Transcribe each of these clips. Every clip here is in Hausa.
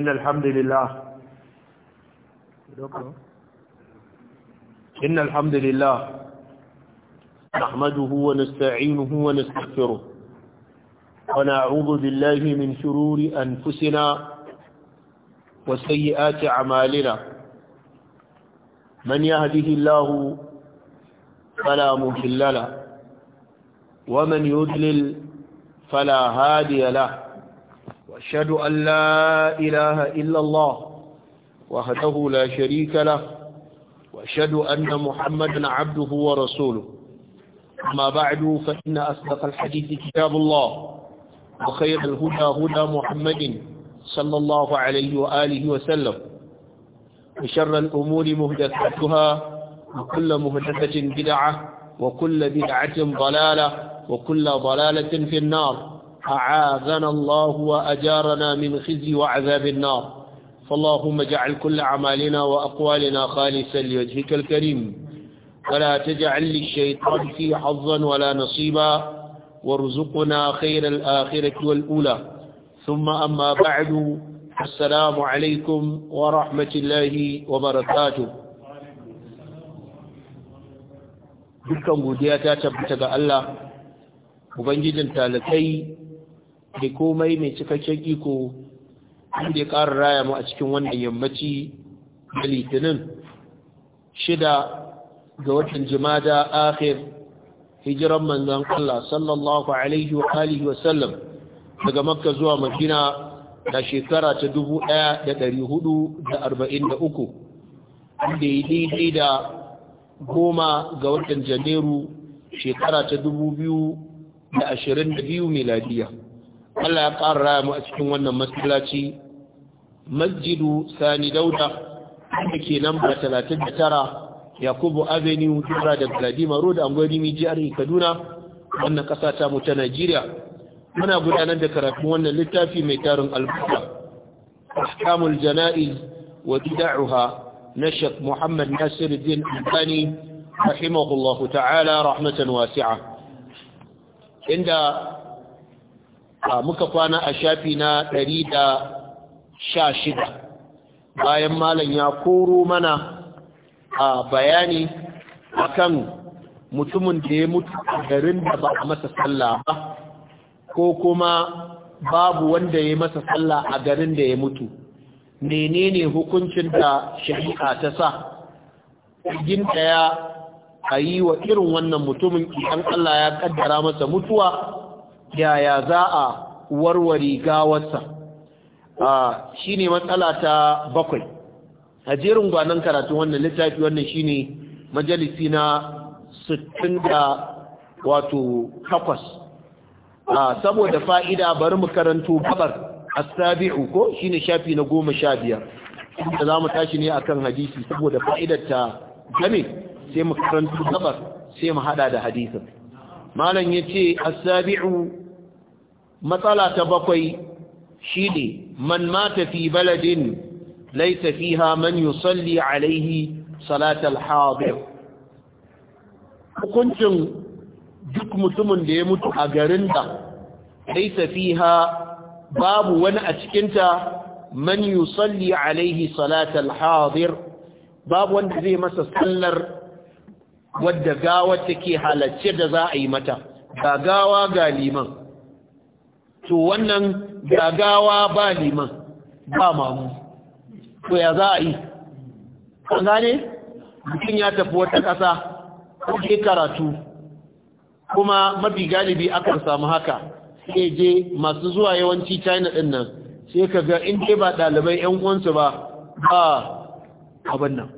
إن الحمد لله إن الحمد لله نحمده ونستعينه ونستغفره ونعوذ بالله من شرور أنفسنا وسيئات أعمالنا من يهده الله فلا مهل له ومن يدلل فلا هادي له وأشهد أن لا إله إلا الله وحده لا شريك له وأشهد أن محمدا عبده ورسوله أما بعد فإن أصدق الحديث كتاب الله وخير الهدى هدى محمد صلى الله عليه وآله وسلم وشر الأمور مهدثتها وكل مهدثة بدعة وكل بدعة ضلالة وكل ضلالة في النار أعاذنا الله وأجارنا من خزي وعذاب النار فاللهم اجعل كل أعمالنا وأقوالنا خالصا لوجهك الكريم ولا تجعل للشيطان في حظا ولا نصيبا وارزقنا خير الآخرة والأولى ثم أما بعد السلام عليكم ورحمة الله وبركاته dukkan godiya ta tabbata ga Allah ubangijin talakai da komai mai cikakken iko inda ya ƙara raya mu a cikin wannan yammaci da litinin shida ga watan jimada akhir hijiran manzan Allah sallallahu alaihi wa alihi wa sallam daga makka zuwa madina da shekara ta dubu ɗaya da yi daidai da goma ga watan janairu shekara ta dubu biyu da da ashirin biyu miladiyya Allah ya ƙara raya mu a cikin wannan masallaci masjidu sani dauda da ke nan ba talatin da tara yakubu avenue jira da vladimir road an gwari jihar kaduna wannan ƙasa ta mu ta najeriya muna gudanar da karatun wannan littafi mai tarin albuka ahkamul jana'iz wa na Sheikh Muhammad Nasiruddin Albani rahimahullahu ta'ala rahmatan wasi'a inda a muka kwana a shafi na ɗari da sha shida bayan malam ya koro mana a bayani akan mutumin da ya mutu a garin da ba a masa sallah ba ko kuma babu wanda ya masa sallah a garin da ya mutu menene hukuncin da shari'a ta sa igin daya a yi wa irin wannan mutumin idan Allah ya ƙaddara masa mutuwa yaya za a warware gawarsa shi ne matsala ta bakwai a jerin gwanon karatu wannan littafi wannan shi ne majalisi na 68 wato saboda fa'ida bari mu karanto gabar asabi'u ko shi ne shafi na goma sha biyar da za mu tashi ne akan hadisi saboda fa'idar ta gami sai mu karanto gabar sai mu hada da hadisin malam ya ce a asabi'u matsala ta bakwai shine man mata fi baladin laysa fiha man yusalli alaihi salatal hadir hukuncin duk mutumin da ya mutu a garin da laysa fiha babu wani a cikinta man salli alaihi salatal hadir babu wanda zai masa sallar wadda gawa take halacce da za a yi mata ga gawa ga liman to wannan gagawa ba liman ba mamu to ya za a yi kan gane mutum ya tafi wata ƙasa ke karatu kuma mafi galibi akan samu haka sai je masu zuwa yawanci china ɗin nan sai ka ga in ba ɗalibai 'yan uwansu ba ba abin nan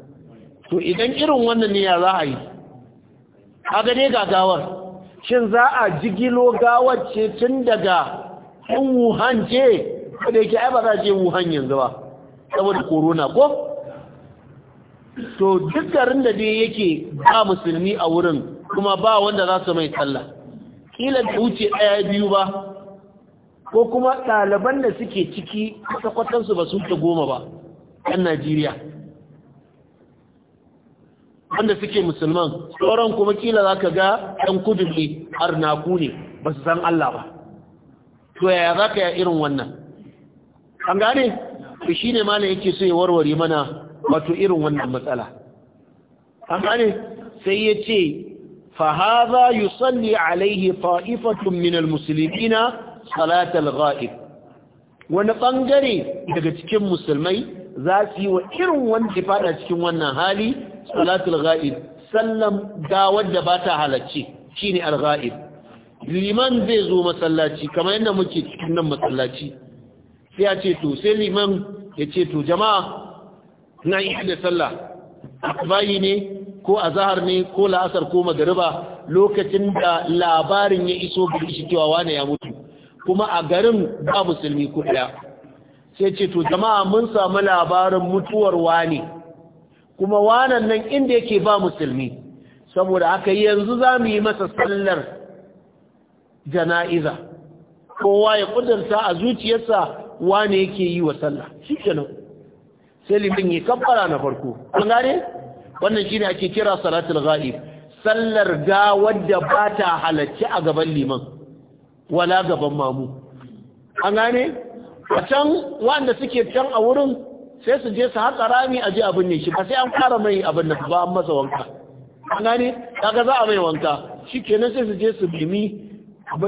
to idan irin wannan ne ya za a yi a gane gagawar shin za a jigilo gawar ce tun daga Yan wuhan ce wadda yake ai ba za ce wuhan yanzu ba saboda korona ko to duk garin da dai yake ba musulmi a wurin kuma ba wanda za su mai sallah kila da wuce ɗaya biyu ba ko kuma ɗaliban da suke ciki kwata-kwatansu ba su ta goma ba ɗan najeriya wanda suke musulman sauran kuma kila za ka ga ɗan kudu ne arnaku ne ba su san allah ba to yaya za ka irin wannan an gane to shi ne malam yake so ya warware mana wato irin wannan matsala an gane sai ya ce fahaza Salli alaihi ta'ifatun min almuslimina salat alghaib wani ɓangare daga cikin musulmai za su yi wa irin wanda ya fada cikin wannan hali salatul ghaib sallam gawar da ba ta ne shine alghaib liman zai zo masallaci kamar yadda muke cikin nan masallaci sai ya ce to sai liman ya ce to jama'a na yi da sallah akbayi ne ko azahar ne ko la'asar ko magariba lokacin da labarin ya iso gari shi cewa wane ya mutu kuma a garin ba musulmi ko daya sai ce to jama'a mun samu labarin mutuwar wane kuma wanan nan inda yake ba musulmi saboda haka yanzu za mu yi masa sallar jana'iza kowa ya kudurta a zuciyarsa wane yake yi wa sallah shi kenan sai limin ya kabbara na farko an gane wannan shine ake kira salatul ghaib sallar ga wadda ba ta halacci a gaban liman wala gaban mamu an gane a can wanda suke can a wurin sai su je su haƙa rami a ji abin ne shi ba sai an fara mai abin da ba an masa wanka an gane kaga za a mai wanka shi kenan sai su je su bimi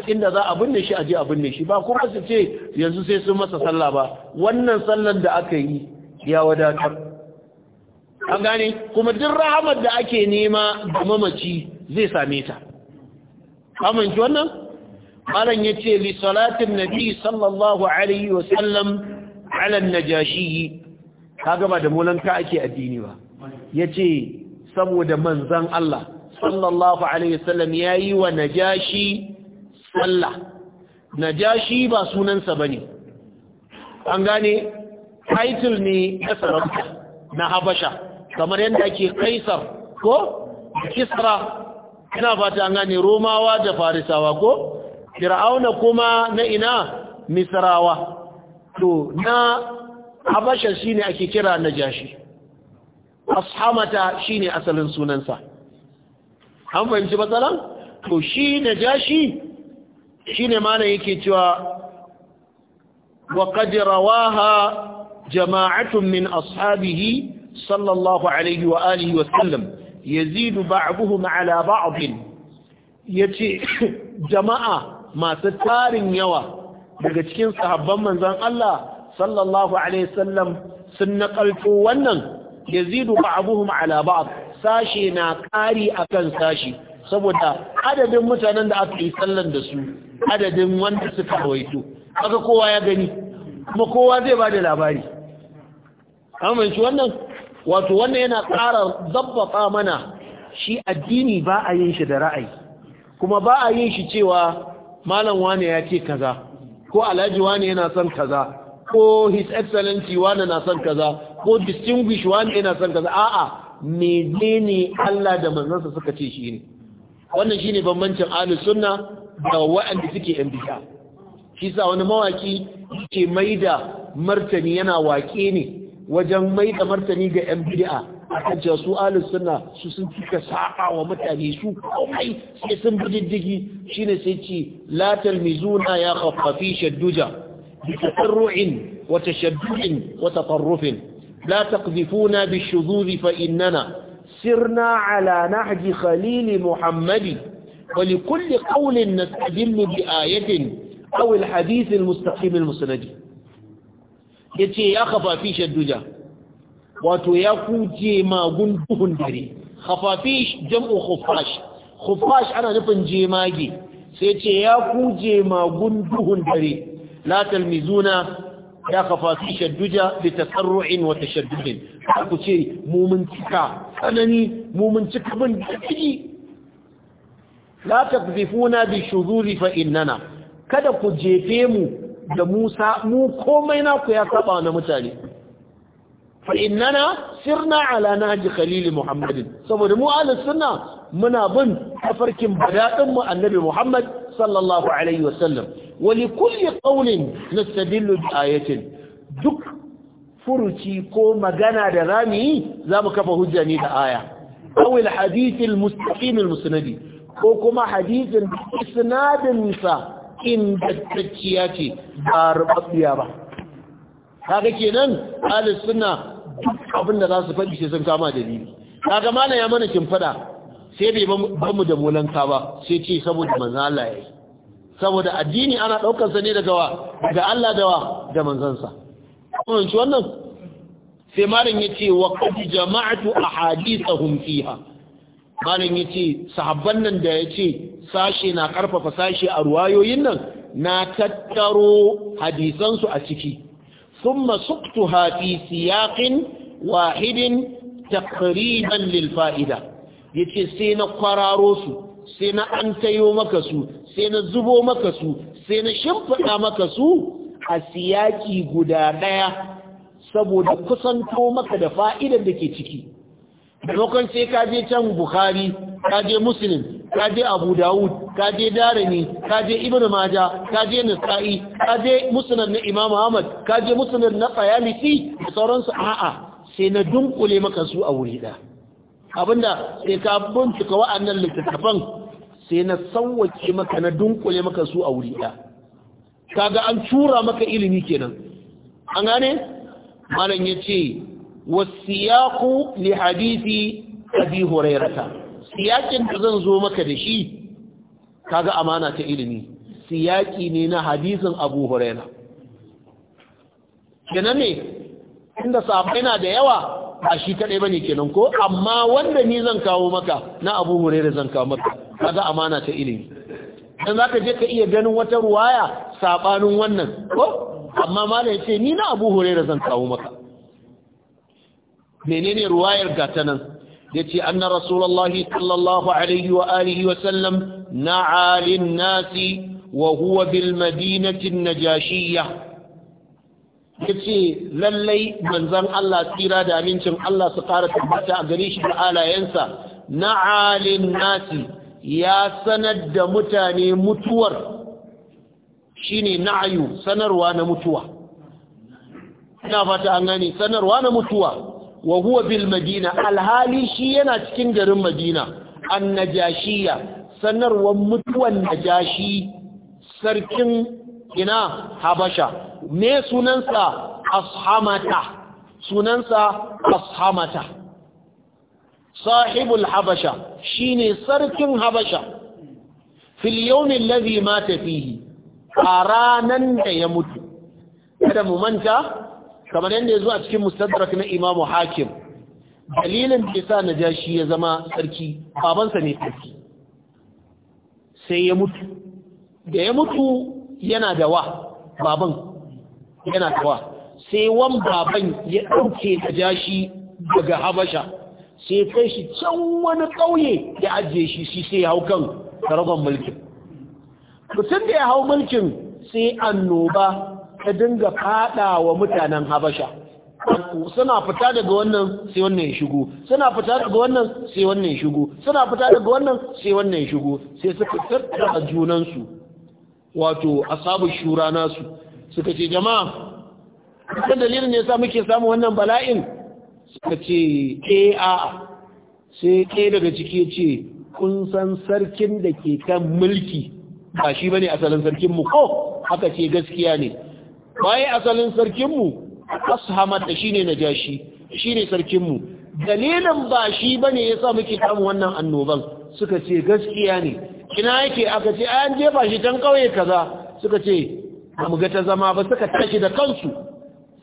inda za a binne shi a je a binne shi ba kuma su ce yanzu sai sun masa sallah ba wannan sallar da aka yi ya wadatar an gane kuma duk rahamar da ake nema da mamaci zai same ta amince wannan malam yace li salatin nabi sallallahu alaihi wa sallam ala najashi kaga ba da ka ake addini ba yace saboda manzan Allah sallallahu alaihi wa sallam yayi wa najashi Allah najashi ba sunansa ba ne. an gane title ne na sarauta na habasha kamar yadda ake kaisar ko kisra ina fata an gane romawa da farisawa ko fir'auna kuma na ina misrawa to na habasha shine ake kira najashi ashamata shine asalin sunansa an fahimci matsalan to shi najashi ne malam yake cewa wa qad rawaha jama'atun min ashabihi sallallahu alaihi wa alihi wa sallam yazidu ba'dhum ala Ya ce jama'a masu tarin yawa daga cikin sahabban manzan Allah sallallahu alaihi sallam sun nakalto wannan yazidu ba'dhum ala ba'd sashi na kari akan sashi saboda adadin mutanen da aka yi sallan da su adadin wanda suka hawaito. kaga kowa ya gani kuma kowa zai ba da labari amince wannan wato wannan yana ƙara zabbata mana shi addini ba a yin shi da ra'ayi kuma ba a yin shi cewa malam wane ya ce kaza ko alhaji wane yana son kaza ko his excellency wane na son kaza ko distinguish wane yana son kaza a'a menene Allah da manzansa suka ce shi ne wannan shine bambancin ahlus sunna da waɗanda suke yan bid'a shi sa wani mawaki ke maida martani yana waƙe ne wajen maida martani ga yan bid'a akan cewa su ahlus sunna su sun cika sa'a wa mutane su kawai sai sun bi diddigi shine sai ce la talmizuna ya khaffafi shadduja bi tatarru'in wa tashaddu'in wata farrufin. la taqdifuna bi shuzuri fa innana sirna ala nahji khalil muhammadi ولكل قول نستدل بآية أو الحديث المستقيم المسند yace ya khafafish ad-duja wato ya kuje magun duhun dare khafafish jam'u khufash khufash ana nufin jemage sai yace ya kuje magun duhun dare la talmizuna ya khafafish ad-duja bi tasarru'in wa tashaddud ku ce mu mun cika tsanani mu mun cika bin dadi la taqzifuna bi shuzuri fa innana kada ku jefe mu da Musa mu komai ku ya saba na mutane fa innana sirna ala nahji khalil muhammadin saboda mu ahlus sunna muna bin tafarkin badadin mu annabi muhammad sallallahu alaihi wasallam wa kulli qawlin nastadillu bi ayatin duk furuci ko magana da rami zamu kafa hujja ne da aya aw al hadith al mustaqim al musnadi ko kuma hadisin inda ingantacciya ce ba rubabbiya ba kaga kenan ahlus sunna duk abin da za su faɗi sai sun kama dalili kaga malam ya mana kin fada sai bai ba mu da molanka ba sai ce saboda manzala Allah saboda addini ana daukar sa ne daga wa daga Allah da wa da manzansa kuma wannan sai malam yace wa qad jama'tu ahadithahum fiha malam ya ce sahabban nan da ya ce sashe na ƙarfafa sashe a ruwayoyin nan na tattaro hadisansu a ciki sun masuktu hafi siyaƙin wahidin takriban lilfaida, ya ce sai na kwararo su sai na an tayo maka su sai na zubo maka su sai na shimfiɗa maka su a siyaki guda ɗaya saboda kusanto maka da fa'idan da ke ciki maimakon sai ka je can bukhari ka je muslim ka je abu dawud ka je darani ka je ibnu maja ka je nasa'i ka je musnad na imam ahmad ka je musnad na qayalisi da sauransu a'a sai na dunkule maka su a wuri da abinda sai ka bincika wa'annan littattafan sai na sauwake maka na dunkule maka su a wuri da kaga an tura maka ilimi kenan an gane malam yace والسياق لحديث أبي هريرة سياق تزنزو مكدشي كذا أمانة إلمي سياق نينا حديث أبو هريرة kenan ne inda sahabbai na da yawa ba shi kadai bane kenan ko amma wanda ni zan kawo maka na Abu Hurairah zan kawo maka kaga amana ta ilimi dan zaka je ka iya ganin wata ruwaya sabanin wannan ko amma ya ce ni na Abu Hurairah zan kawo maka menene ruwayar gata nan yace anna rasulullahi sallallahu alaihi wa alihi wa sallam na lin nasi wa huwa bil madinati Ya yace lallai manzon Allah tsira da amincin Allah su fara tabbata a gare shi da alayensa Na lin nasi ya sanar da mutane mutuwar shine na'ayu sanarwa na mutuwa ina fata an gani sanarwa na mutuwa wa huwa bil madina alhali shi yana cikin garin madina an najashiya sanarwar mutuwan najashi sarkin ina habasha Ne sunansa ashamata sunansa ashamata sahibul habasha shine sarkin habasha fil yawmin alladhi mata fihi a ranan da ya mutu kada mu manta kamar yadda ya zo cikin mustadrak na imamu hakim dalilin da ya sa najashi ya zama sarki babansa ne sarki sai ya mutu da ya mutu yana da wa baban yana da wa sai wan baban ya ɗauke najashi daga habasha sai kai shi can wani ƙauye ya ajiye shi shi sai ya hau kan karaban mulkin mutum da ya hau mulkin sai annoba ta dinga fada wa mutanen habasha suna fita daga wannan sai wannan ya shigo suna fita daga wannan sai wannan ya shigo suna fita daga wannan sai wannan ya shigo sai suka a junansu wato asabu shura nasu suka ce jama'a kan dalilin ne yasa muke samu wannan bala'in suka ce eh a sai ke daga ciki ce kun san sarkin da ke kan mulki ba shi bane asalin sarkin mu ko haka ce gaskiya ne waye asalin sarkinmu ashamat da shine najashi shine sarkinmu dalilin ba shi bane yasa muke samu wannan annoban suka ce gaskiya ne Ina yake aka ce an ba shi can ƙauye kaza suka ce mu ga ta zama ba suka tashi da kansu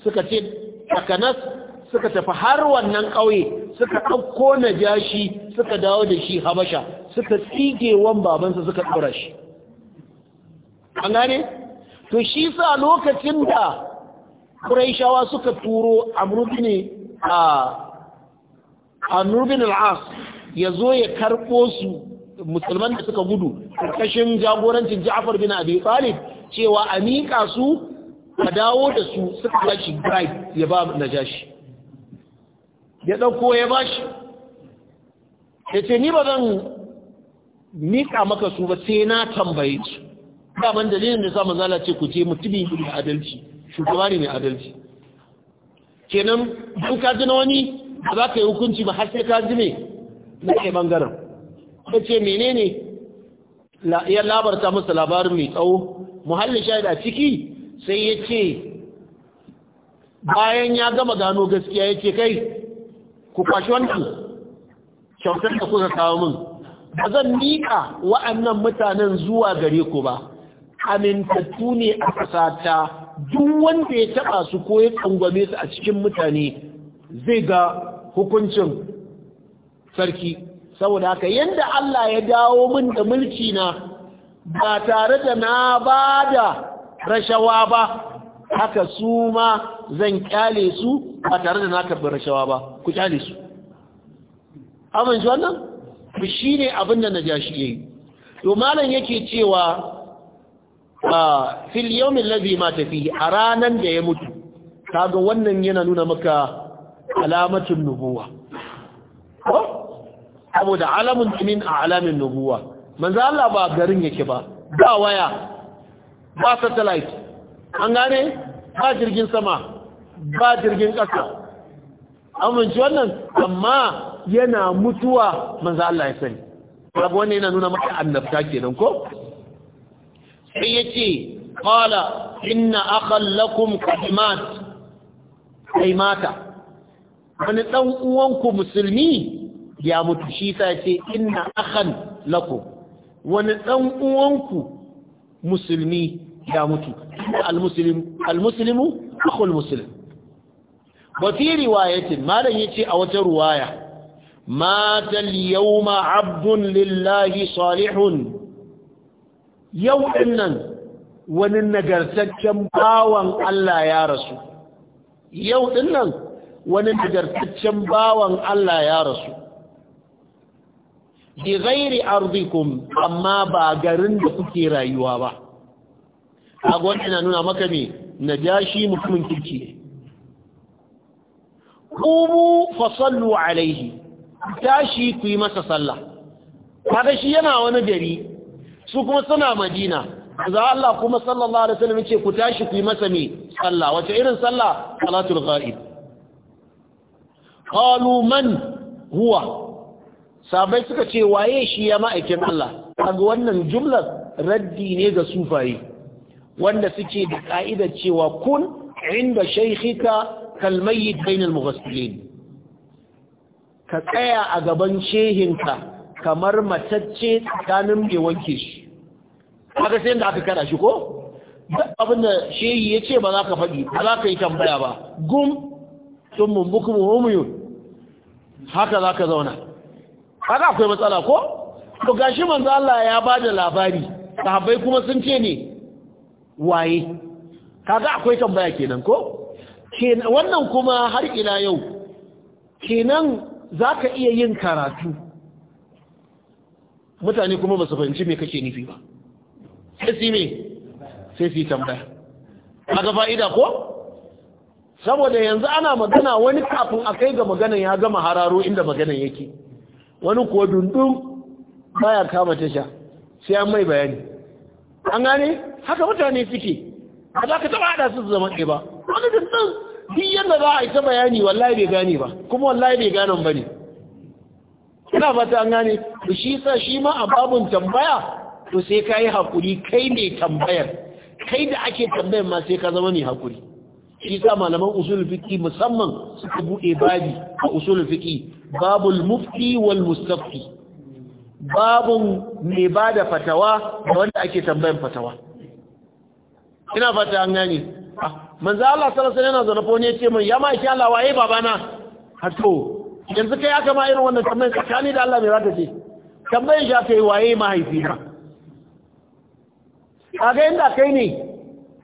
suka ce takanas suka tafi har wannan ƙauye suka ɗauko na jashi suka dawo da shi habasha suka tsige wan babansa suka ɗora shi an gane to shi sa lokacin da Qurayshawa suka turo a murbini a a murbini al'as ya zo ya karɓo su musulman da suka gudu karkashin jagorancin Ja'far bin Abi Talib cewa a miƙa su a dawo da su suka bashi bribe ya ba na shi ya ɗauko ya bashi ya ce ni ba zan miƙa maka su ba sai na tambaye su daman dalilin da sa manzala ce ku ce mutumi mai adalci shugaba ne mai adalci kenan don ka ji na wani ba za ka yi hukunci ba har sai ka ji ne na ke bangaren ko ce menene ya labarta masa labarin mai tsawo Muhallin shahid a ciki sai ya ce bayan ya gama gano gaskiya ya ce kai ku kwashi wannan kyautar da kuka kawo min ba zan miƙa wa'annan mutanen zuwa gare ku ba amintattu ne a ƙasata duk wanda ya taɓa su ko ya tsangwame su a cikin mutane zai ga hukuncin sarki saboda haka yadda Allah ya dawo min da mulki na ba tare da na ba da rashawa ba haka su ma zan kyale su ba tare da na karbi rashawa ba ku kyale su amince wannan shi ne abin da na ja shi yayi to malam yake cewa fil yawmin ladhi mata fihi a ranar da ya mutu kaga wannan yana nuna maka alamatun nubuwa da alamun min alamin nubuwa manzo Allah ba garin yake ba ba waya ba satellite an gane ba jirgin sama ba jirgin ƙasa amince wannan amma yana mutuwa manzo Allah ya sani kaga wannan yana nuna maka annabta kenan ko sai ya ce kwala inna akhallakum kadimat kai mata wani ɗan uwanku musulmi ya mutu shi sa ce inna akhan lakum wani ɗan uwanku musulmi ya mutu al-muslimu akhul Musulmi. wa fi riwayatin malam ya ce a wata ruwaya mata al-yawma abdun lillahi salihun yau ɗin nan wani nagartaccen bawan Allah ya rasu yau ɗin nan wani nagartaccen bawan Allah ya rasu bi ghairi ardikum amma ba garin da kuke rayuwa ba kaga na nuna maka me najashi mutumin kirki ne fasallu fa alaihi tashi ku yi masa sallah kaga shi yana wani gari su kuma suna madina za Allah kuma sallallahu alaihi wasallam ce ku tashi ku yi masa mai sallah wace irin sallah salatul ghaib qalu man huwa sabai suka ce waye shi ya ma'aikin Allah kaga wannan jumlar raddi ne ga sufaye wanda suke da ka'idar cewa kun inda shaykhika kalmayyit bainal mughasilin ka tsaya a gaban shehinka kamar matacce tsakanin mai wanke shi kaga sai da aka kada shi ko abin da shehi ya ce ba za ka faɗi ba za ka yi tambaya ba gum sun mumbukum homiyun haka za ka zauna haka akwai matsala ko to gashi manzo Allah ya ba da labari sahabbai kuma sun ce ne waye kaga akwai tambaya kenan ko wannan kuma har ila yau kenan za ka iya yin karatu mutane kuma ba su fahimci me kake nufi ba sai su me sai su tambaya kaga fa'ida ko saboda yanzu ana magana wani kafin a kai ga magana ya gama hararo inda magana yake wani kuwa dundun baya kama tasha sai an mai bayani an gane haka mutane suke A za ka taba hada su zama ɗaya ba wani dundun duk yadda za a yi ta bayani wallahi bai gane ba kuma wallahi bai ganin ba ne ina fata an gane shi sa shi ma a babun tambaya to sai ka yi haƙuri kai ne tambayar kai da ake tambayar ma sai ka zama mai haƙuri shi sa malaman usul fiki musamman suka buɗe babi a usul fiki babul mufti wal mustafi babun mai ba da fatawa da wanda ake tambayar fatawa ina fata an gane ah, manzo Allah sallallahu alaihi wasallam yana zaune ya ce min ya ma insha Allah waye babana hato yanzu kai aka ma irin wannan tambayar tsakani da Allah mai zaka ce tambayar shi aka waye mahaifina kaga yanda kai ne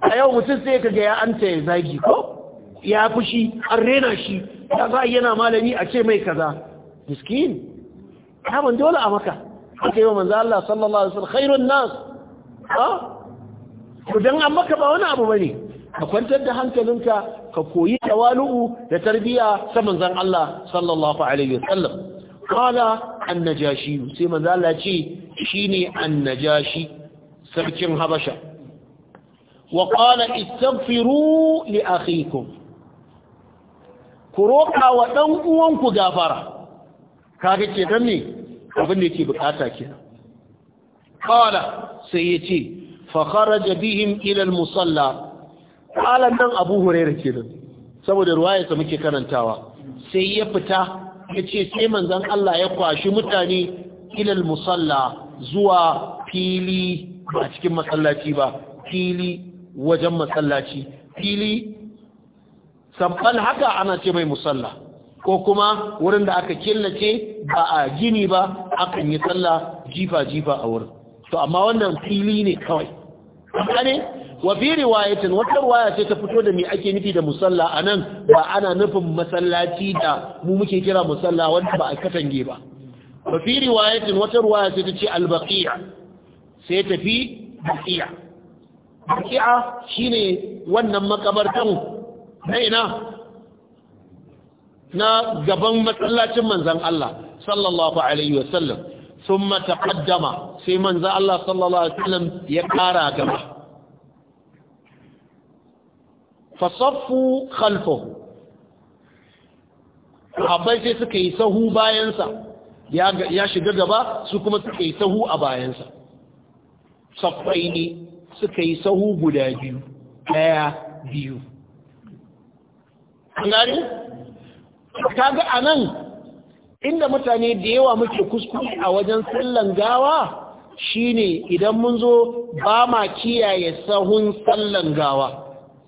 a yau mutum sai kaga ya anta ya zagi ko ya fushi an rena shi ya za yana malami a ce mai kaza miskin ya ban dole a maka aka yi wa manzo Allah sallallahu alaihi wasallam khairun nas ha to dan an maka ba wani abu bane ka kwantar da hankalinka ka koyi tawalu'u da tarbiya ta manzon Allah sallallahu alaihi wasallam qala an-najashi sai manzo Allah ce shine an-najashi sarkin habasha wa qala istaghfiru li akhikum ku roƙa wa ɗan uwanku gafara kaga ke dan ne abin da ke bukata ke. qala sai yace ce, kharaja bihim ilal al-musalla qala dan abu ke kenan saboda ruwayarsa muke karantawa sai ya fita ya ce sai zan Allah ya kwashi mutane ilal musalla zuwa fili ba cikin masallaci ba fili wajen masallaci fili sabbal haka ana ce mai musalla ko kuma wurin da aka killace ba a gini ba akan yi sallah jifa-jifa a wurin to amma wannan fili ne kawai ne wa fi riwayatin wata riwaya ce ta fito da me ake nufi da musalla anan ba ana nufin masallaci da mu muke kira musalla wanda ba a katange ba wa fi riwayatin wata riwaya ce ta ce albaqiya sai tafi baki'a baki'a shine wannan makabartan na ina na gaban masallacin manzan Allah sallallahu alaihi wasallam thumma taqaddama sai manzan Allah sallallahu alaihi wasallam ya ƙara gaba fasaffu khalfahu abai sai suka yi sahu bayansa ya shiga gaba su kuma suka yi sahu a bayansa saffai ne suka yi sahu guda biyu ɗaya biyu gani kaga a nan inda mutane da yawa muke kuskure a wajen sallan gawa shine idan mun zo ba ma kiyaye sahun sallan gawa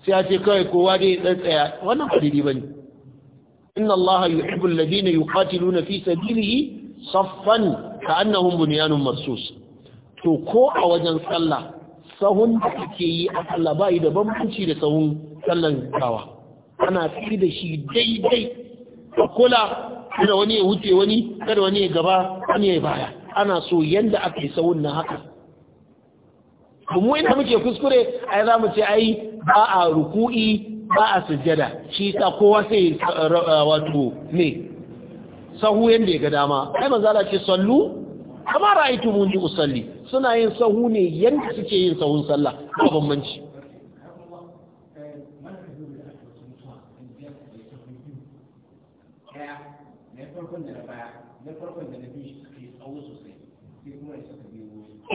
sai ce kawai kowa dai tsatsaya wannan ba ne inna allaha yi ladina na fi sabilihi saffan ka ka'annahum masu marsus to ko a wajen sallah sahun da ake yi a sallah ba da bambanci da sahun sallan gawa ana fi da shi daidai a kula kada wani ya wuce wani kada wani ya gaba wani ya baya ana so yanda aka yi sahun na haka mu ina muke kuskure a za mu ce ai ba a ruku'i ba a sujjada shi ta kowa sai wato ne sahu yanda ya ga dama ai manzala ce sallu kama ra'aytu muni usalli suna yin sahu ne yadda suke yin sahun sallah ba bambanci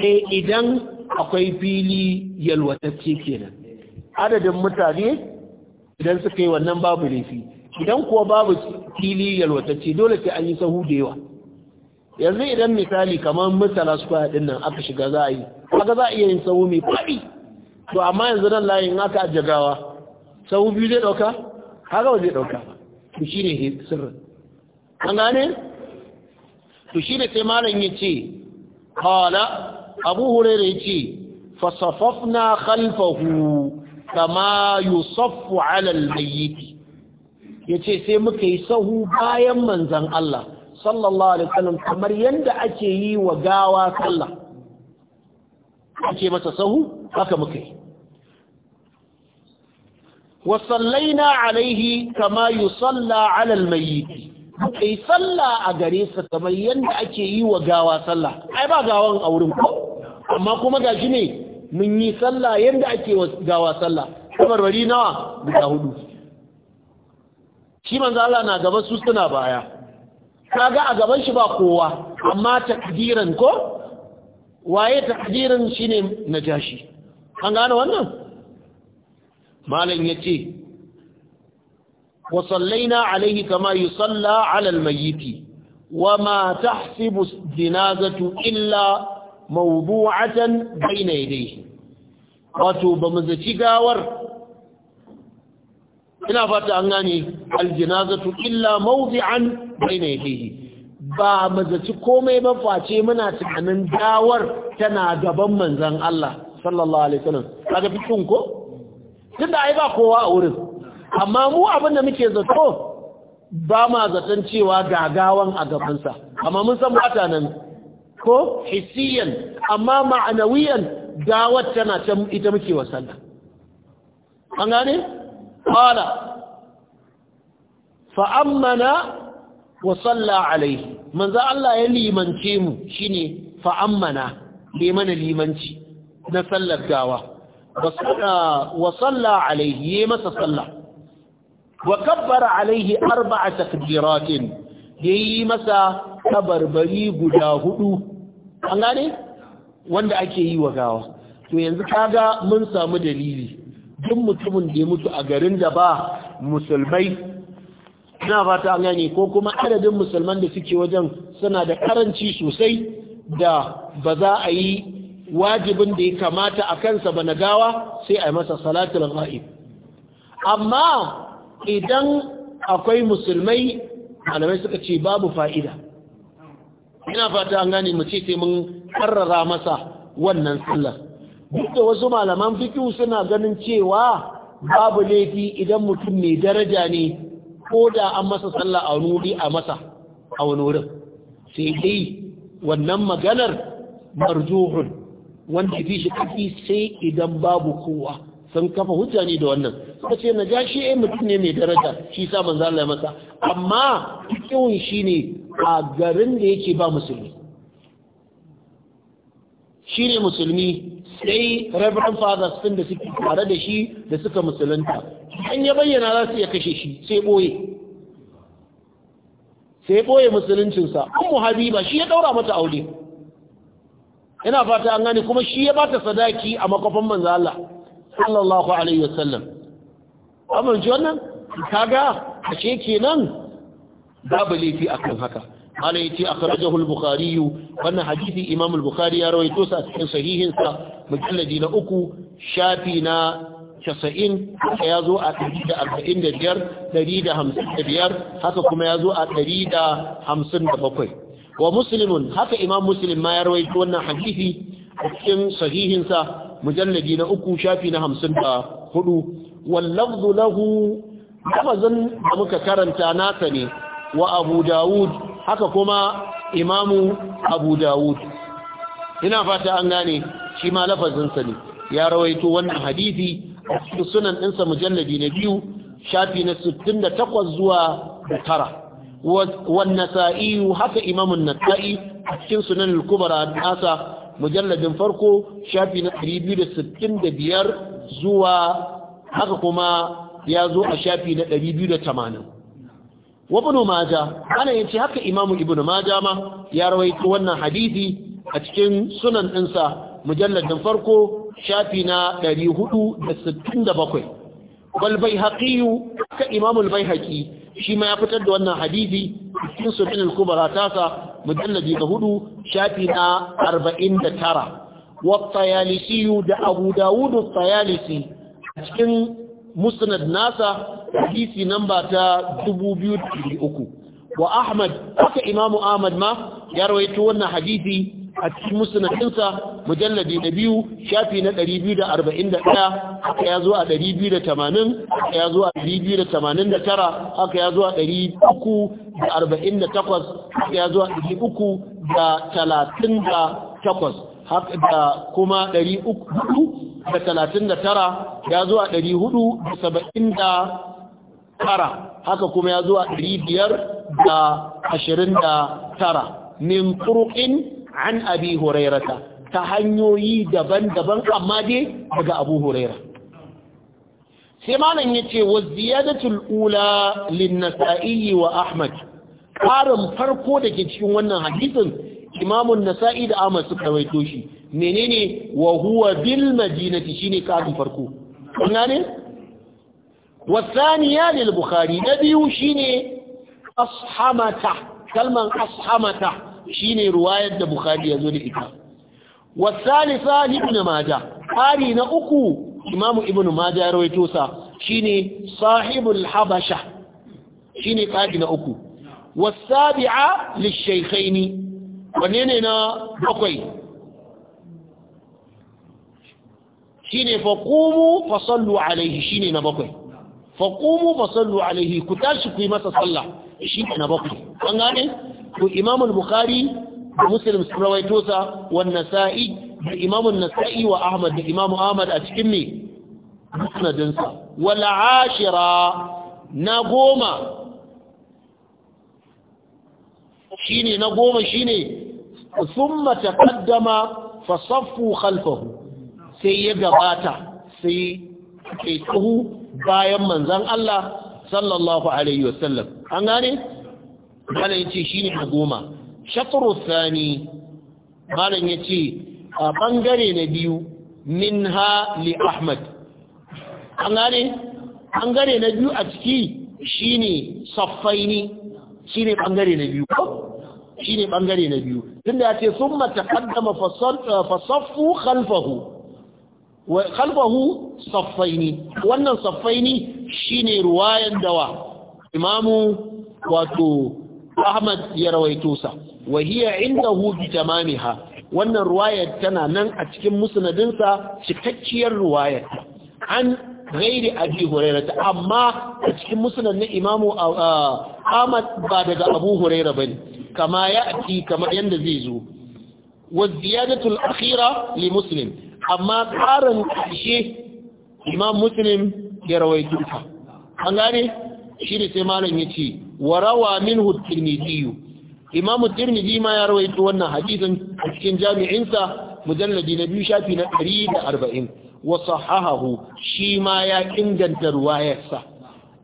e idan akwai fili yalwatacce kenan adadin mutane idan suka yi wannan babu laifi idan kuwa babu fili yalwatacce dole sai an yi sahu da yawa yanzu idan misali kamar mutala square din nan aka shiga za a yi kaga za a iya yin sahu mai faɗi to amma yanzu nan layin aka ajagawa sahu biyu zai ɗauka kaga ba zai ɗauka to shi ne sirri an gane to shi ne sai malam ya ce kala abu hurairu ya ce fasafafna khalfahu kama yusaffu alal mayyiti ya ce sai muka yi sahu bayan manzan Allah sallallahu alaihi wasallam kamar yanda ake yi wa gawa sallah ake masa sahu haka muka yi wa sallaina alaihi kama yusalla ala almayyit muka yi sallah a gare sa kamar yanda ake yi wa gawa sallah ai ba gawan a wurin ko amma kuma gaji ne mun yi sallah yanda ake wa gawa sallah kamar bari nawa guda hudu shi manzo Allah na gaba su suna baya kaga a gaban shi ba kowa amma takdiran ko waye takdiran shine najashi an gane wannan malam yace wa sallaina Alayhi kama yusalla ala almayyit wa ma tahsibu jinazatu illa mawdu'atan bayna yadayhi wato bamu zaci gawar ina fata an gane aljinazatu illa mawdi'an bayna yadihi ba mazaci komai ba face muna tunanin dawar tana gaban manzon Allah sallallahu alaihi wasallam kaga fitun ko tunda ai ba kowa a wurin amma mu abin da muke zato ba ma zaton cewa gagawan a gabansa amma mun san mata nan ko hissiyan amma ma'anawiyan dawar tana can ita muke wasalla an gane قال فامنا وصلى عليه من ذا الله يليمنتي مو شيني فامنا ليمن ليمنتي na sallar gawa wa salla alaihi yi masa salla wa kabbara alaihi arba a takjiratin ya yi masa tabarbari guda huɗu, an gane wanda ake yi wa gawa to yanzu kaga mun samu dalili duk mutumin da ya mutu a garin da ba musulmai ina fata an gane ko kuma adadin musulman da suke wajen suna da karanci sosai da ba za a yi wajibin da ya kamata a kansa ba na gawa sai a yi masa salatul ghaib amma idan akwai musulmai malamai suka ce babu fa'ida ina fata an gane mu ce sai mun karrara masa wannan sallar duk wasu malaman fiki suna ganin cewa babu laifi idan mutum mai daraja ne ko da an masa sallah a wani a masa a wani sai dai wannan maganar marjuhun wanda fi shi kafi sai idan babu kowa sun kafa hujja ne da wannan suka ce na ja shi ai mutum ne mai daraja shi sa ban Allah masa amma kiwon shi ne a garin da yake ba musulmi shi ne musulmi sai reverend fathers din da suke tare da shi da suka musulunta in ya bayyana za su iya kashe shi sai boye sai boye musuluncinsa ummu habiba shi ya daura mata aure ina fata an gani kuma shi ya bata sadaki a makofin manzo Allah sallallahu alaihi wasallam amma ji wannan kaga ashe kenan babu laifi akan haka ce a قال يتي أخرجه البخاري وأن حديث إمام البخاري يروي توسع في na uku shafi na casa'in haka ya zo a ɗari da arba'in da biyar ɗari da hamsin da biyar haka kuma ya zo a ɗari da hamsin da bakwai wa musulmin haka imam musulmin ma ya rawaito wannan hadisi a cikin sahihinsa mujallabi na uku shafi na hamsin da hudu wallafzu lahu lafazin da muka karanta nasa ne wa abu dawud haka kuma imamu abu dawud ina fata an gane shi ma lafazinsa ne ya rawaito wannan hadithi a cikin sunan ɗinsa mujalladi na biyu shafi na 68 zuwa da tara والنسائي cikin إمام النسائي أحسن سنن الكبرى الناسا مجلد فرقو شافي نقريبي لستين دبير زوا حقكما يازو أشافي نقريبي لتمانين wa maja ana ce haka imamu ibn maja ma ya rawaito wannan hadisi a cikin sunan ɗinsa mujalladin farko shafi na 467 bal baihaqi ka imamu al-baihaqi shi ma ya fitar da wannan hadisi cikin sunan al-kubra tasa mujalladi na hudu shafi na 49 wa tayalisi da abu dawud a cikin musnad nasa hadisi namba ta 2003 wa ahmad haka imamu ahmad ma ya rawaito wannan hadisi a cikin musnadinsa mujalladi na biyu shafi na 241 haka ya zo a 280 haka ya zo a 289 haka ya zo a 348 haka ya zo a 338 haka da kuma 300 da talatin da tara ya zuwa ɗari hudu da saba'in da tara haka kuma ya zuwa ɗari biyar da ashirin da tara min turuƙin an abi ta hanyoyi daban-daban amma dai daga abu horaira. sai malam ya ce wa ziyadatul ula lin nasa'i wa ahmad ƙarin farko da ke cikin wannan hadisin imamun nasa'i da ahmad suka rawaito shi menene wa huwa bil madinati shine karin farko kuna ne lil bukhari da biyu shine ashamata kalman ashamata shine ruwayar da bukhari yazo da ita wasalisa ibn majah kari na uku imamu ibn majah rawaito sa shine sahibul habasha shine kari na uku wasabi'a lil shaykhaini wanne ne na bakwai shine faqumu fasallu alaihi shine na bakwai faqumu fasallu alaihi ku tashi ku yi masa sallah shine na bakwai an gane ku imamun bukari bukhari da musulun sun tosa sa sa'i nasa'i da imamun nasai wa ahmad da imam ahmad a cikin ne musnadinsa wala ashira na goma shine na goma shine thumma taqaddama fa saffu sai ya gabata sai ke tsahu bayan manzon Allah sallallahu alaihi wasallam an gane malam yace shine na goma shatru thani malam yace a bangare na biyu minha li ahmad an gane bangare na biyu a ciki shine saffaini shine bangare na biyu shi ne ɓangare na biyu tun da ya ce sun mataƙaddama fasaffu khalfahu khalfahu saffaini wannan saffaini shi ne ruwayan dawa imamu wato ahmad ya rawaitosa. sa wahiya inda hu bi tamamiha wannan ruwayar tana nan a cikin musnadinsa cikakkiyar ruwayar an gairi abi hurairata amma a cikin musnad na imamu uh, ahmad ba daga abu huraira bane kama ya'ti kamar yadda zai zo wa ziyadatul akhira li muslim amma karin ƙarshe imam muslim ya rawaito ta an gane shi ne sai malam ya ce wa rawa minhu tirmidhi imam tirmidhi ma ya rawaito wannan hadisin a cikin jami'insa mujalladi na biyu shafi na 140 wa sahahahu shi ma ya inganta ruwayarsa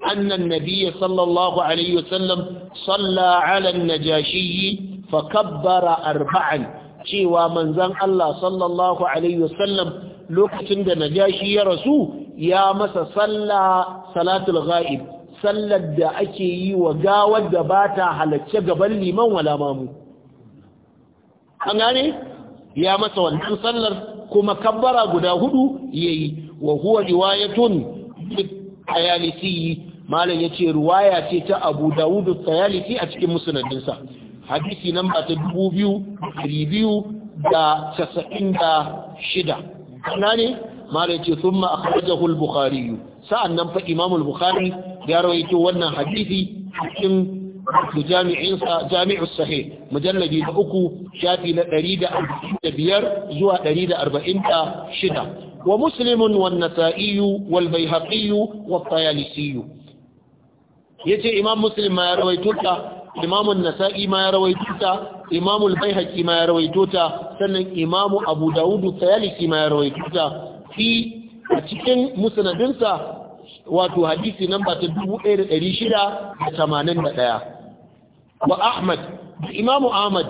أن النبي صلى الله عليه وسلم صلى على النجاشي فكبر أربعا cewa manzan Allah sallallahu Alaihi wasallam lokacin da najashi ya rasu ya masa salla salatul ghaib sallar da ake yi wa gawar da ba ta halarci gaban liman wala mamu ya masa wannan sallar kuma kabbara guda hudu yayi wa huwa riwayatun ayalisi malam ya ce ruwaya ce ta abu dawud tsayaliki a cikin musulunninsa hadisi nan ba ta dubu biyu biyu da casa'in da shida kana ne malam ya ce sun ma'akarajahu al-bukhari sa'an nan fa imamul bukhari ya rawaito wannan hadisi cikin jami'in jami'u sahih mujallabi na uku shafi na 145 zuwa 146 wa muslimun wan nasa'i wal bayhaqi wat Ya ce imam muslim ma ya rawaito ta imam nasai ma ya rawaito ta imam al-baihaqi ma ya rawaito ta sannan imam abu daud al ma ya rawaito ta fi a cikin musanadinsa, wato hadisi namba ta 1681 wa ahmad da imam ahmad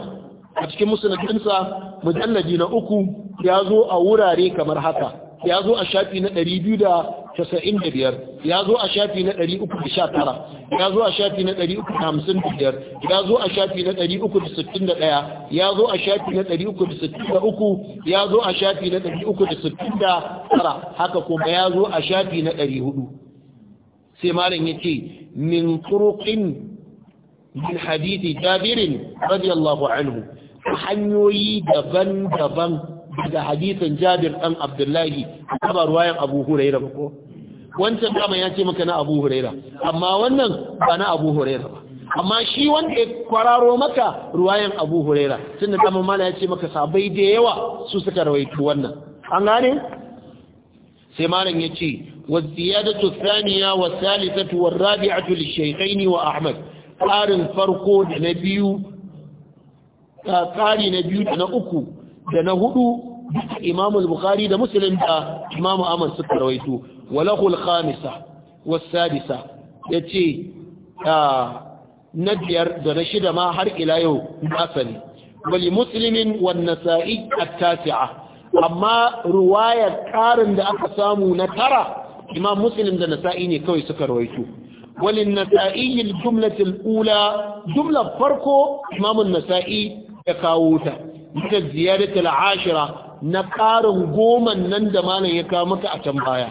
a cikin musanadinsa, mujallaji na uku ya zo a wurare kamar haka ya zo a shafi na 200 95 ya zo a shafi na 319 ya zo a shafi na 355 ya zo a shafi na 361 ya zo a shafi na 363 ya zo a shafi na 369 haka kuma ya zo a shafi na 400 sai malam yace min turuqin min hadisi jabirin radiyallahu anhu hanyoyi daban-daban daga hadithin Jabir dan Abdullahi kabar wayan Abu Huraira ko wancan dama ya ce maka na Abu Huraira amma wannan ba na Abu Huraira ba amma shi wanda ya kwararo maka ruwayan Abu Huraira tunda dama mala ya ce maka sabai da yawa su suka rawaito wannan an gane sai malam ya ce wa ziyadatu thaniya wa thalithatu wa rabi'atu lishaykhaini wa Ahmad ƙarin farko da na biyu ƙari na biyu da na uku da na hudu duka imamul bukari bukhari da Muslim da Imam Ahmad suka rawaito walahu khamisa was-sadisa yace na biyar da na shida ma har ila yau asali wali musulmin wan nasa'i at-tasi'a amma ruwayar karin da aka samu na tara imam musulun da nasa'i ne kawai suka rawaito wali nasa'i jumlatul ula jumlar farko imam nasai ya kawo ta ita ziyaratul ashira na karin goma nan da malam ya kawo maka a can baya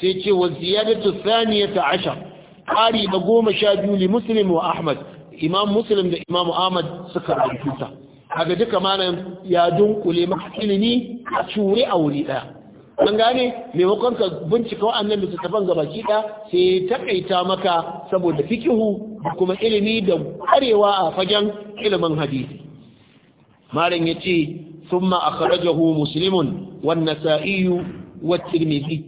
sai ce wa ziyaratul thaniyata asha kari da goma sha biyu li muslim wa ahmad imam muslim da imam ahmad suka rubuta kaga duka malam ya dunkule maka ilimi a cure a wuri ɗaya an gane maimakon ka bincika wa'annan littattafan gaba kiɗa sai takaita maka saboda fikihu kuma ilimi da kwarewa a fagen ilimin hadisi malam ya ce sun ma'akarajahu musulmin wannan sa'iyu wa tirmidhi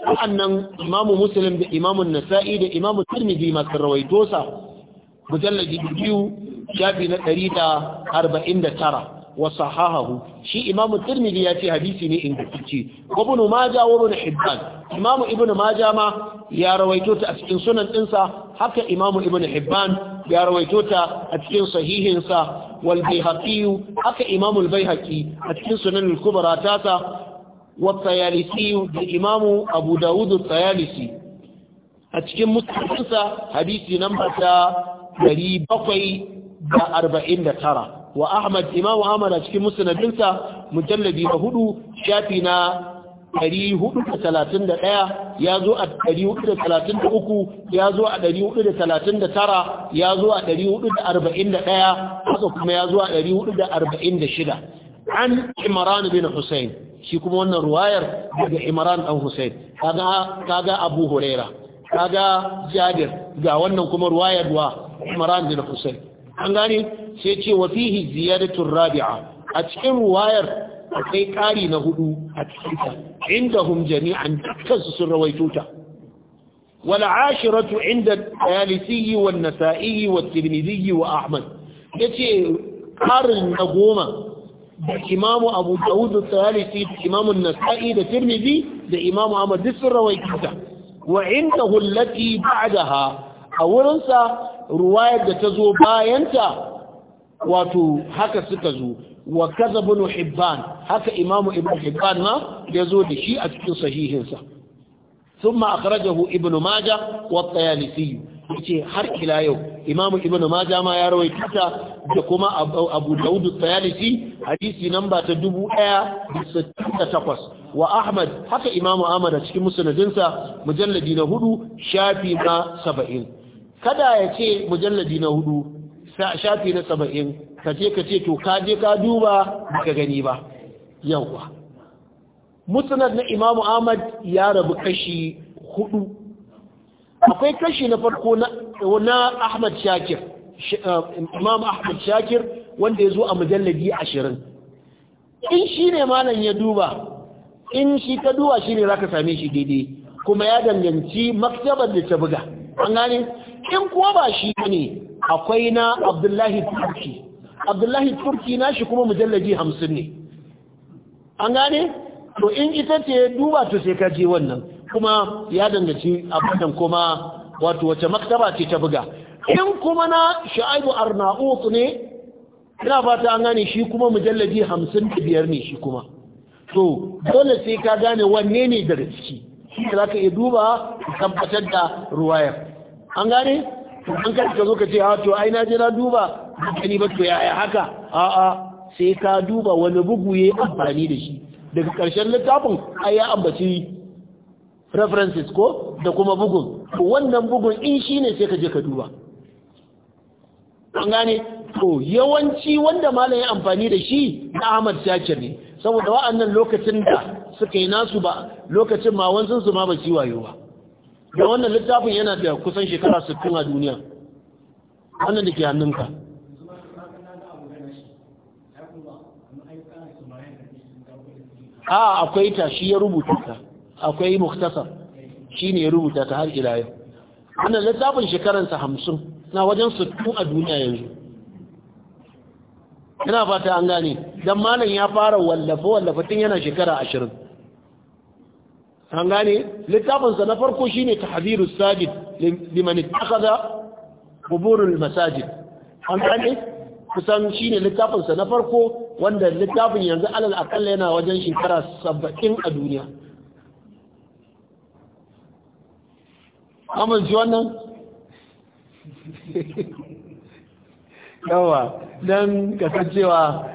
wa'annan imamu musulun da imamun nasa'i da imamun tirmidhi masu rawaito sa mujallaji biyu shafi na 149 wa sahahahu shi imamu tirmidhi ya ce hadisi ne ingantacce ibn majah wa ibn hibban imamu ibn majah ma ya rawaito ta a cikin sunan dinsa haka imamu ibn hibban ya rawaito ta a cikin sahihin sa wal bayhaqi haka imamu al bayhaqi a cikin sunan al kubra tasa wa tayalisi da imamu abu daud al tayalisi a cikin musnadinsa hadisi namba ta 749 wa Ahmad Imam Ahmad a cikin musnadinsa mujallabi na hudu shafi na 431 ya zo a 433 ya zo a 439 ya zo a 441 haka kuma ya zo a 446 an Imran bin Hussein shi kuma wannan ruwayar daga Imran dan Hussein kaga kaga Abu Huraira kaga Jabir ga wannan kuma ruwayar wa Imran bin Hussein an gane sai ce wa fihi ziyadatu rabi'a a cikin ruwayar akwai ƙari na hudu a cikin ta inda hum jami'an dukkan su sun rawaito ta wal ashiratu inda al-Tayalisi wa an-Nasa'i wa Tirmidhi wa Ahmad yace ƙarin na goma da Imam'u Abu Dawud al-Tayalisi da Imam nasai da Tirmidhi da Imam'u Ahmad duk sun rawaito ta wa indahu allati ba'daha a wurinsa ruwayar da ta zo bayanta wato haka suka zo wa kaza bin hibban haka imamu ibn hibban ma ya zo da shi a cikin sahihinsa ثم أخرجه wa ماجه tayalisi yace har ila yau imamu ibnu maja ma ya rawaita ta da kuma abu daud at-tayalisi hadisi namba ta 1068 wa ahmad haka imamu ahmad a cikin musnadinsa mujalladi na hudu shafi na 70 kada ya ce mujalladi na hudu shafi na saba'in ka ce ka ce to ka je ka duba ka gani ba ba. Musanar na imamu ahmad ya rabu kashi hudu akwai kashi na farko na ahmad shakir uh, imamu ahmad shakir wanda ya zo a mujalladi ashirin in shi ne malam ya duba in shi ka duba shi ne za ka same shi daidai kuma ya danganci maktabar da ta buga an gane in kuwa ba shi ne akwai na abdullahi turki abdullahi turki na shi kuma mujallaji hamsin ne an gane to in ita ce duba to sai ka je wannan kuma ya dangaci abudan kuma wato wace maktaba ce ta buga in kuma na sha'aibu arna'ut ne ina fata an gane shi kuma mujallaji hamsin da biyar ne shi kuma to dole sai ka gane wanne ne daga ciki shi za ka iya duba tabbatar da ruwayar an gane to an kai ka zo ka ce a ah, to ai na je na duba ni ba to yaya haka a'a sai ka duba wani bugu ya amfani da shi daga karshen littafin ai ya ambaci references ko da kuma bugun wannan bugun in shi ne sai ka je ka duba an gane to yawanci wanda malam ya amfani da shi na Ahmad Shakir ne saboda wa'annan lokacin da suka yi nasu ba lokacin ma wanzun su ma ba ciwayo ba da wannan littafin yana da kusan shekara 60 a duniya wannan da ke hannunka a akwai ta shi ya rubuta ta akwai muktasar shi ne ya rubuta ta har ilayen yau wannan littafin shekaransa hamsin na wajen 60 a duniya yanzu ina fata an gane don malam ya fara wallafa wallafe tun yana shekara ashirin an gane littafinsa na farko shine tahziru sajid liman ittakhadha quburul masajid an gane kusan shine littafinsa na farko wanda littafin yanzu alal akalla yana wajen shekara saba'in a duniya amma wannan yawa don kasancewa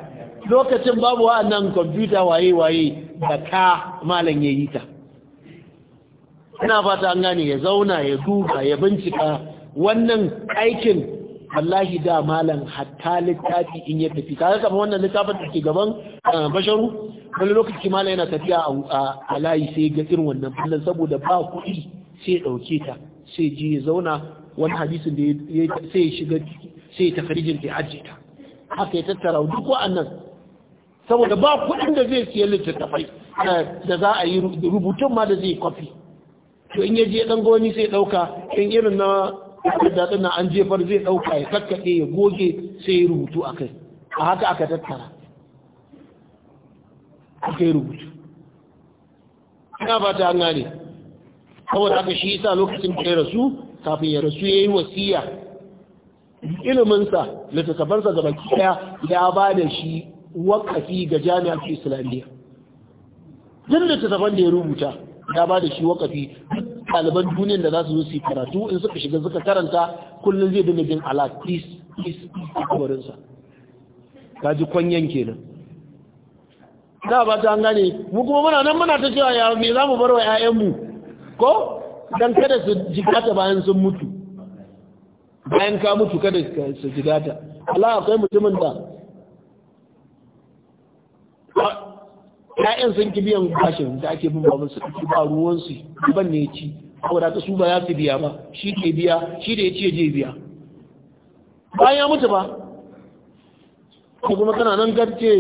lokacin babu wa'annan kwamfuta waye-waye da ka malam ya yi ta ina fata an gane ya zauna ya duba ya bincika wannan aikin wallahi da malam hatta littafi in ya tafi kaga kamar wannan littafin da ke gaban basharu wani lokaci malam yana tafiya a alayi sai ga irin wannan fallan saboda ba kuɗi sai ya ɗauke ta sai je ya zauna wani hadisin da ya sai ya shiga sai ya tafarijin da ya ajiye ta haka ya tattara duk wa'annan saboda ba kuɗin da zai siya littattafai da za a yi rubutun ma da zai kwafi to in ya je dan goni sai dauka in irin na da na an jefar zai ɗauka ya kakkaɗe ya goge sai ya rubutu a a haka aka tattara aka yi rubutu ina ba ta gane saboda haka shi isa lokacin da ya rasu kafin ya rasu ya yi wasiya iliminsa littattafansa gaba kiya ya ba da shi wakafi ga jami'ar islamiyya duk littattafan da ya rubuta ya ba da shi wakafi ɗaliban duniyar da za su zo su karatu in suka shiga suka karanta kullum zai dinga jin ala peace peace a kabarinsa ka ji kwanyan kenan da ba ta gane mu kuma muna nan muna ta cewa ya me za mu bar wa 'ya'yanmu ko dan kada su jigata bayan sun mutu bayan ka mutu kada su jigata Allah akwai mutumin da Ya'yan sun ki biyan bashin da ake bin baban su ki ba ruwansu ban ne ci saboda ka su ba za su biya ba shi ke biya shi da ya ce je biya bayan ya mutu ba ko kuma kana nan garce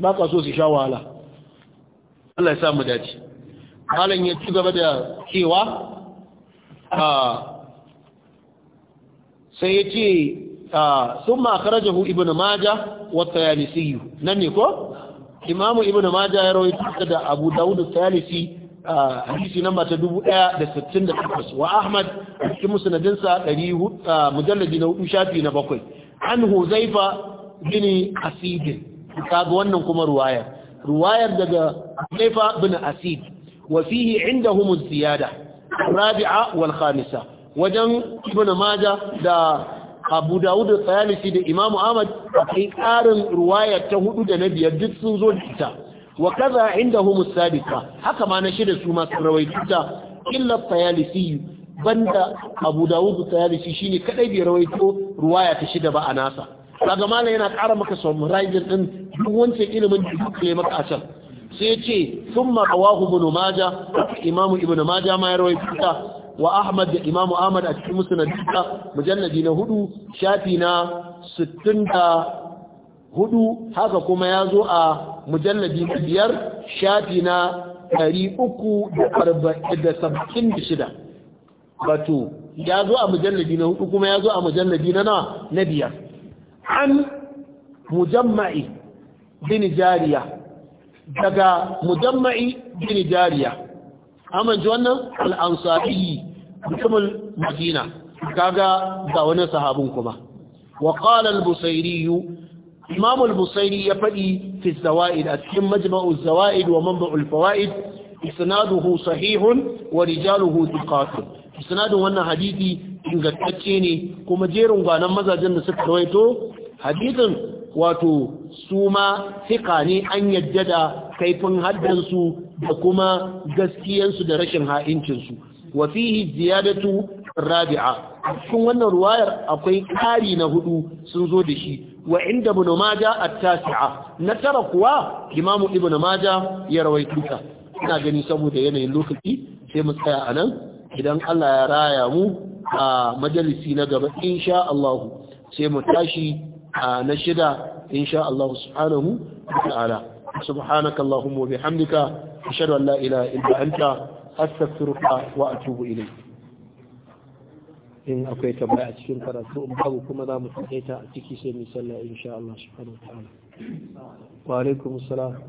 ba ka so su sha wahala Allah ya sa mu dace malam ya ci gaba da cewa a sai ya ce sun ma karajahu ibnu majah wa yanisiyu nan ne ko imamu Ibn maja ya rawaito da abu daud salisi hadisi namba ta 1068 wa ahmad cikin musnadin sa 400 mujalladi na hudu shafi na bakwai an huzaifa bin asid ga wannan kuma ruwaya ruwayar daga huzaifa bin asid wa fihi indahum az-ziyada Rabi'a والخامسة wajen ibn maja da abu dawud da tsayalisi da imamu ahmad a kai ƙarin ruwaya ta hudu da na biyar duk sun zo da wa kaza inda hu sadika haka ma na shida su masu rawaituta illa tsayalisi banda abu dawud da shi shine kadai bai rawaito ruwaya ta shida ba a nasa kaga mala yana ƙara maka rajin din duk wancan ilimin da kuke maka a can sai ya ce thumma rawahu ibn majah imam ibn majah ma ya rawaito wa Ahmad da Imam Ahmad a cikin musnad duka mujalladi na hudu shafi na 64 haka kuma ya zo a mujalladi na biyar shafi na 346 Bato ya zo a mujalladi na hudu kuma ya zo a mujalladi na na biyar an mujamma'i bin jariya daga mujamma'i bin jariya aman ji wannan al'ansari mutumin madina kaga ga wani sahabin kuma wa qala al-busairi imam al-busairi ya faɗi fi zawaid a cikin majma'u zawaid wa manba'u al-fawaid isnaduhu sahihun wa rijaluhu thiqatun isnadun wannan hadisi ingantacce ne kuma jerin gwanan mazajen da suka rawaito hadisin wato su ma ne an yadda da kaifin haddansu da kuma gaskiyansu da rashin ha'incinsu wa fihi ziyadatu rabi'a cikin wannan ruwayar akwai ƙari na hudu sun zo da shi wa inda ibn maja at-tasi'a na tara kuwa imamu ibn maja ya rawaito ta ina gani saboda yanayin lokaci sai mu tsaya anan idan Allah ya raya mu a majalisi na gaba insha Allah sai mu tashi na shida insha Allah subhanahu wa ta'ala سبحانك اللهم وبحمدك أشهد أن لا إله إلا أنت أستغفرك وأتوب إليك in akwai tambaya a cikin karatu in babu kuma za mu faɗe ta a ciki sai mu sallah insha Allah subhanahu wa ta'ala wa alaikum assalam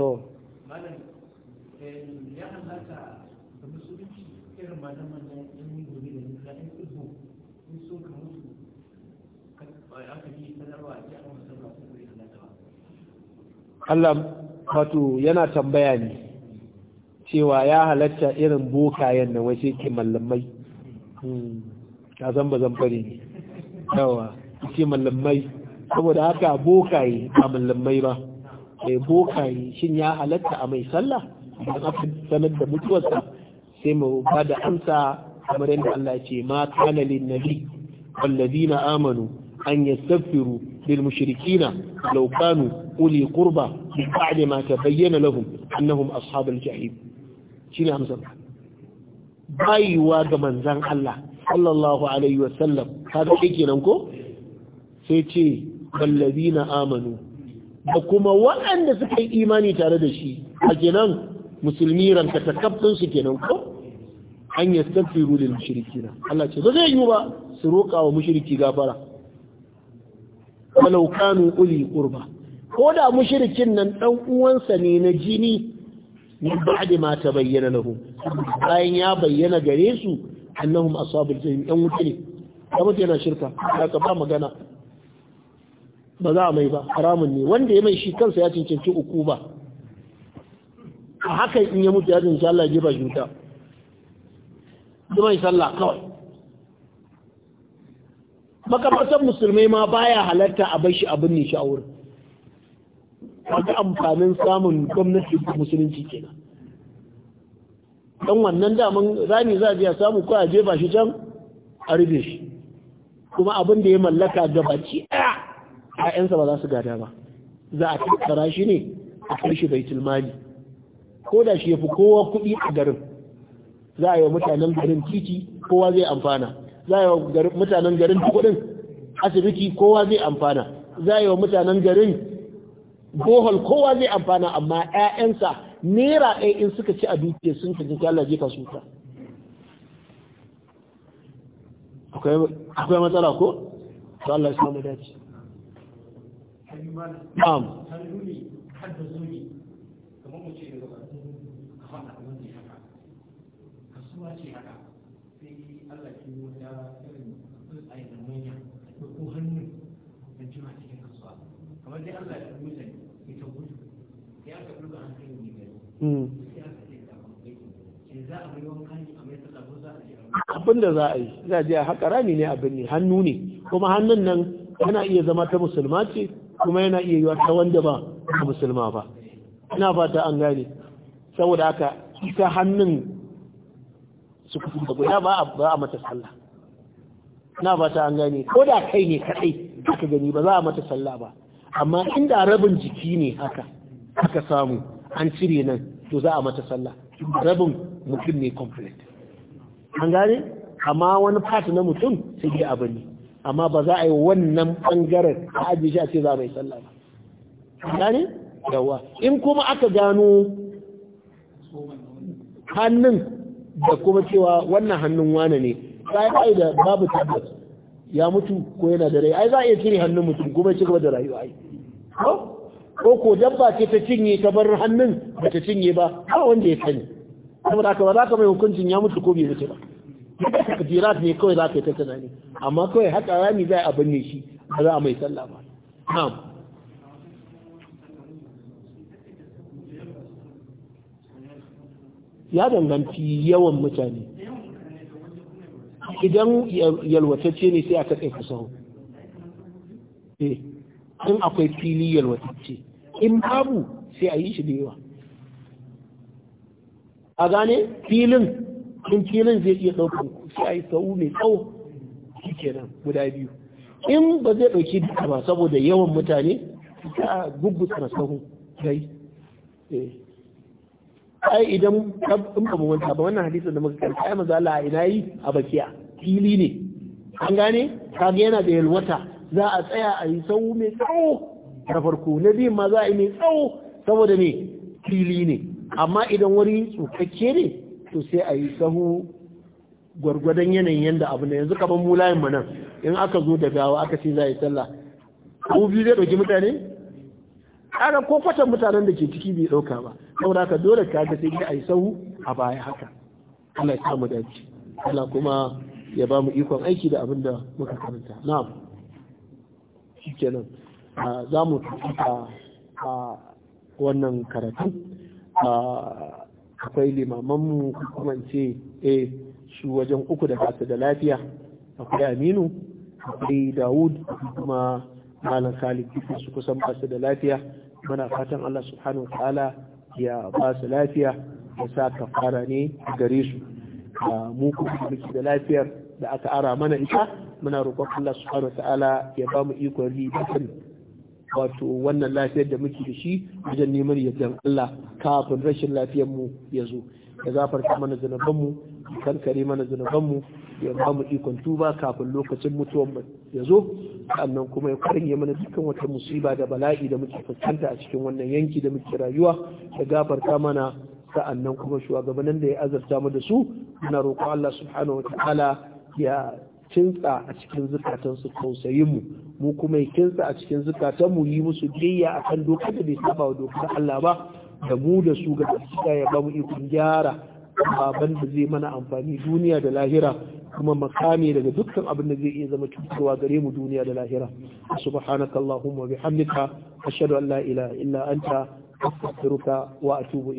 to malam ya da musulunci irin yi gobe da nika yan ibo in aka yi sanarwa Allah wato yana tambaya ne cewa ya halatta irin bokayen na wace ke mallamai ta hmm, san ba zan fare ne yawa ke mallamai saboda haka bokaye a mallamai ba mai eh, bokaye shin ya halatta a mai sallah da aka sanar da mutuwarsa sai mu ba da amsa kamar yadda Allah ce ma kana lin nabi wallazina amanu an yastaghfiru lil mushrikina law kanu uli qurba min ba'di ma tabayyana lahum annahum ashabul jahim shine amsa baiwa ga manzan Allah sallallahu alaihi wasallam kaga yake nan ko sai ce wallazina amanu da kuma waɗanda suka yi imani tare da shi a kenan musulmi ranka takabbin su kenan ko an yastaghfiru lil mushrikina Allah ce ba zai yi ba su roƙa wa mushriki gafara walau kanu uli qurba ko da mushirikin nan dan uwansa ne na jini min ba'di ma bayyana lahu bayan ya bayyana gare su annahum asabul jinn yan wuce ne ya mutu yana shirka ka ba magana ba za a mai ba haramun ne wanda ya mai shi kansa ya cancanci uku ba a haka in ya mutu ya cancanci Allah ya jiba juta zuma sallah kawai makamatan musulmai ma baya halarta a bar shi abin ne shi a wurin kaga amfanin samun gwamnati musulunci kenan dan wannan daman rami za a samu ko a ba shi can a rufe shi kuma abin da ya mallaka gabaci ɗaya 'yansa ba za su gada ba za a tattara shi ne a kai shi baitul mali ko da shi ya fi kowa kuɗi a garin za a yi wa mutanen garin titi kowa zai amfana za a yi wa mutanen garin kuɗin asibiti kowa zai amfana za a yi wa mutanen garin bohol kowa zai amfana amma 'ya'yansa naira ɗaya in suka ci a dukiya sun ka jinki Allah je ka suka akwai matsala ko to Allah ya samu dace na'am kamar Allah Hmm. abin da za a yi za a je a haƙa rami ne abin ne hannu ne kuma hannun nan yana iya zama ta musulma ce kuma yana iya yiwa ta wanda ba ta musulma ba ina fata an gane saboda haka ita hannun su da guda ba a mata sallah Ina ba an gane ko da kai ne kaɗai aka gani ba za a mata sallah ba amma inda rabin jiki ne haka aka samu an cire nan to za a mata sallah rabin mutum ne complete an gane amma wani part na mutum sai dai abu ne amma ba za a yi wannan bangaren a ajiye shi a ce za a mai sallah ba an gane yawa in kuma aka gano hannun da kuma cewa wannan hannun wane ne sai da babu tabbas ya mutu ko yana da rai ai za a iya cire hannun mutum kuma ci gaba da rayuwa ai ko ko dabba ce ta cinye ta bar hannun ba ta cinye ba ba wanda ya sani saboda haka ba za ka mai hukuncin ya mutu ko bai mutu ba takdirat ne kawai za ka yi ta tunani amma kawai haka rami za a binne shi ba za a mai sallah ba na'am ya danganci yawan mutane idan yalwatacce ne sai a katse kusa eh, in akwai fili yalwatacce in babu sai a yi shi da yawa a gane filin in filin zai iya ɗaukar sai a yi sau mai tsawo shi kenan guda biyu in ba zai ɗauki duka ba saboda yawan mutane ta a guggusa na sahu gai eh. ai idan in ba mu wanta ba wannan hadisin da muka karanta ai maza Allah ina yi a bakiya fili ne an gane kaga yana da yalwata za a tsaya a yi sau mai tsawo na farko na biyun ma za a yi mai tsawo saboda ne fili ne amma idan wani tsukakke ne to sai a yi sahu gwargwadon yanayin yadda abu ne yanzu kamar mu layin nan in aka zo da gawa aka ce za a yi sallah ko biyu zai dauki mutane ana ko kwatan mutanen da ke ciki bai ɗauka ba saboda haka dole ka ga sai a yi sahu a baya haka Allah ya samu dace Allah kuma ya ba mu ikon aiki da abin da muka karanta na'am shikenan za mu tafiya a wannan karatu akwai limamanmu kuma ce a eh, su wajen uku da kasu da lafiya akwai aminu akwai dawud kuma malam khalid duka su kusan ba da lafiya muna fatan allah subhanahu ta'ala ya ba su lafiya ya sa ka fara ne gare su Muku, muke da lafiyar da aka ara mana ita muna roƙon allah subhanahu ta'ala ya ba mu ikon ribatan wato wannan lafiyar da muke da shi wajen neman yardan Allah kafin rashin lafiyar mu ya zo ya zafarta mana zunuban mu karkare mana zunuban mu ya ba mu ikon tuba kafin lokacin mutuwan mu ya zo sannan kuma ya kwarinye mana dukkan wata musiba da bala'i da muke fuskanta a cikin wannan yanki da muke rayuwa ya gafarta mana sa'annan kuma shugabannin da ya azarta mu da su muna roƙon Allah subhanahu wa ta'ala ya kinsa a cikin zukatansu tausayin mu mu kuma ya kinsa a cikin mu yi musu biyayya akan dokar da bai saba wa dokar Allah ba da mu da su ga gaskiya ya bamu ikon gyara baban da zai mana amfani duniya da lahira kuma makami daga dukkan abin da zai iya zama cutarwa gare mu duniya da lahira subhanaka allahumma bihamdika ashhadu an la ilaha illa anta astaghfiruka wa atubu